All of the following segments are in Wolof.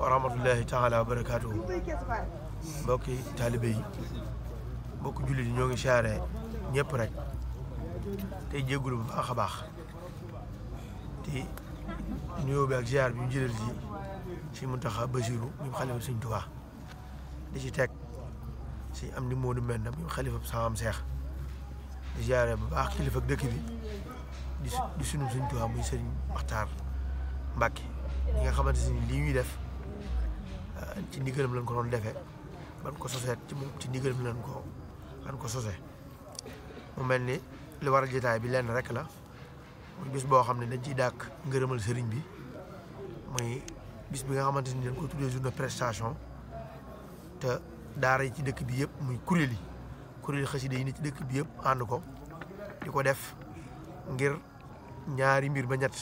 ورحمة الله تعالى وبركاته بوكي طالبي بوكو جولي دي نيوغي شاري نييب رك تي جيغلو بو باخا باخ تي نيو بي اك زيار بي جيرل دي سي منتخب بشيرو ني خليفه سيغ توبا دي سي تك سي ام دي مودو مند بي خليفه سام شيخ دي زيار بو باخ خليفه دك بي دي سونو سيغ توبا موي سيغ مختار مباكي ñi nga xamante ni lii ñuy def mm. ci ndigalam lañ ko doon defee ban ko soseet ci moom ci ndigalam lañ ko xan ko sose mu mel ni lu war a jitaay bi lenn rek la muy bis boo xam ne dañ ciy dàkk ngërëmal sëriñ bi muy bis bi nga xamante ni dañ ko tuddee journée prestation te daar yi ci dëkk bi yëpp muy kuréel yi kuréel xasida yi ne ci dëkk bi yëpp ànd ko di ko def ngir ñaari mbir ba ñett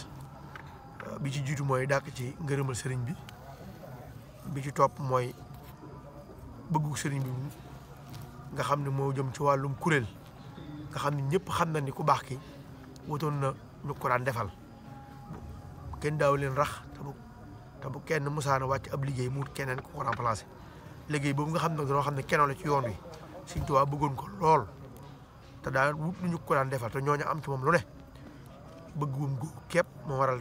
bi ci jiitu mooy dàq ci ngërëmal sëriñ bi bi ci topp mooy bëggu sëriñ bi nga xam ne moo jëm ci wàllum kuréel nga xam ne ñëpp xam na ni ku baax ki wutoon na ñu ko daan defal kenn daaw leen rax te bu kenn musaana wàcc ab liggéey mu keneen ko remplacé liggéey boobu nga xam ne dañoo xam ne kenoon la ci yoon wi Sëriñ Tuubaa bëggoon ko lool te daan wut lu ñu ko daan defal te ñooñu am ci moom lu ne bëgg wum gu képp moo waral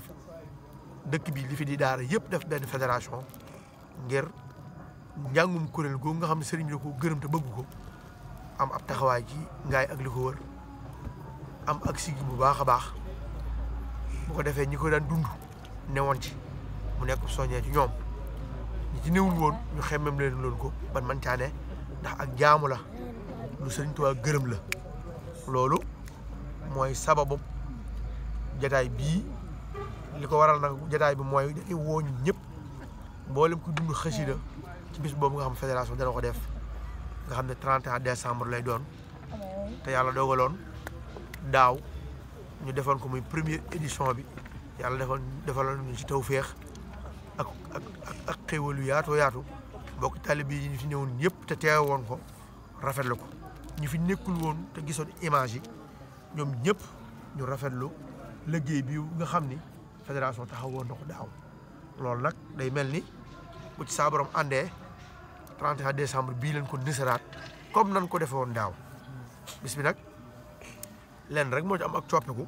dëkk bi li fi di daara yëpp def benn fédération ngir njàngum kuréel googu nga xam ne sëriñ bi da ko gërëm te bëgg ko am ab taxawaay ci ngaay ak am ak sigi bu baax a baax bu ko defee ñi ko daan dund newoon ci mu nekk soññee ci ñoom ñi ci newul woon ñu xemmem leen loolu ko ban man caane ndax ak jaamu la lu sëriñ Tuubaa gërëm la loolu mooy sababu jataay bii li ko waral nag jataay bi mooy dañuy woo ñëpp mboolem ku dund xasida ci bis boobu nga xam fédération dana ko def nga xam ne 31 décembre lay doon te yàlla dogaloon daaw ñu defoon ko muy première édition bi yàlla defoon defaloon ñu ci tawféex ak ak ak xéwal yu yaatoo yaatu bokk talib yi ñu fi ñëwoon ñëpp te teew woon ko rafetlu ko ñu fi nekkul woon te gisoon image ñoom ñëpp ñu rafetlu liggéey bi nga xam ni fédération taxaw woon na ko daaw loolu nag day mel ni bu ci saa borom àndee 31 décembre bii leen ko nisaraat kom nan ko defee woon daaw bis bi nag lenn rek moo am ak coppiku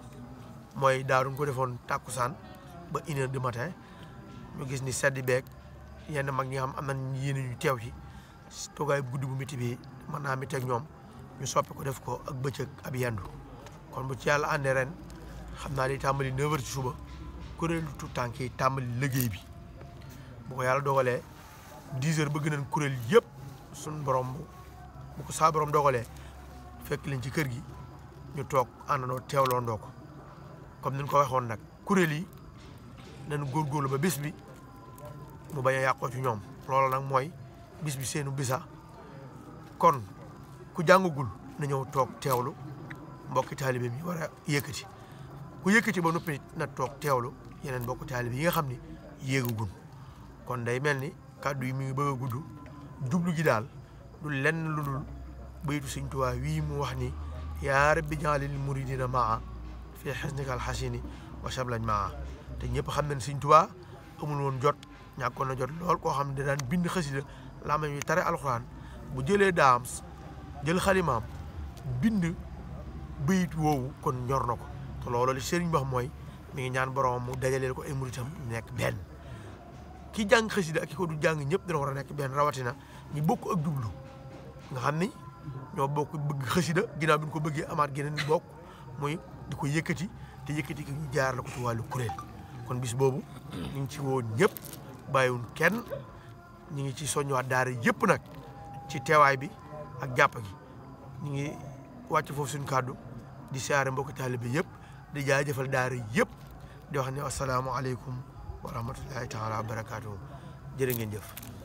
mooy daaw ko defoon takkusaan ba une heure du matin ñu gis ni sedd beeg yenn mag ñi xam am na yéen ñu teew ci toogaay guddi bu métti bi mën naa mi teg ñoom ñu soppi ko def ko ak bëccëg ab yendu kon bu ci yàlla àndee ren xam naa di tàmbali 9 heures ci suba kuréelu tout tànk yi tàmbali liggéey bi bu ko yàlla dogalee dix heures bëgg nañ kuréel yëpp suñ borom bu ko saa borom dogalee fekk leen ci kër gi ñu toog àndandoo teewloo ndoo ko comme ni ñu ko waxoon nag kuréel yi nañ góorgóorlu ba bis bi mu bañ a ci ñoom loolu nag mooy bis bi seenu bisa kon ku jàngagul na ñëw toog teewlu mbokki taalibe mi war ku yëkëti ba nopi na tok teewlu yeneen bokku talib yi nga xamni gugun, kon day melni kaddu yi mi ngi bëgg guddu dublu gi dal du lenn lulul baytu seigne touba wi mu wax ni ya rabbi jalil muridina ma'a fi hisnika alhasini wa shablan ma'a te ñepp xam nañ seigne touba amul won jot ñakon na jot lool ko xam di daan bind xassida lama ñuy tare alquran bu jëlé daam jël xalimam bind bayit wowu kon ñor nako te loolu li sëriñ mooy mi ngi ñaan borom mu dajaleel ko ay muritam nekk benn ki jàng xasida ak ki ko du jàng ñëpp dina war a nekk benn rawatina ñu bokk ak jublu nga xam ni bokk bëgg xasida ginnaaw bi ko bëggee amaat geneen bokk muy di ko yëkkati te yëkkati ki ñu jaar la ko ci wàllu kuréel kon bis boobu ñu ngi ci woo ñëpp bàyyiwun kenn ñu ngi ci soññuwaat daara yëpp nag ci teewaay bi ak jàpp gi ñu ngi wàcc foofu suñu kàddu di siyaare mbokki taalibe yëpp di jaajëfal daara yëpp di wax ne asalaamaaleykum wa rahmatullahi taala barakaatu jërë ngeen jëf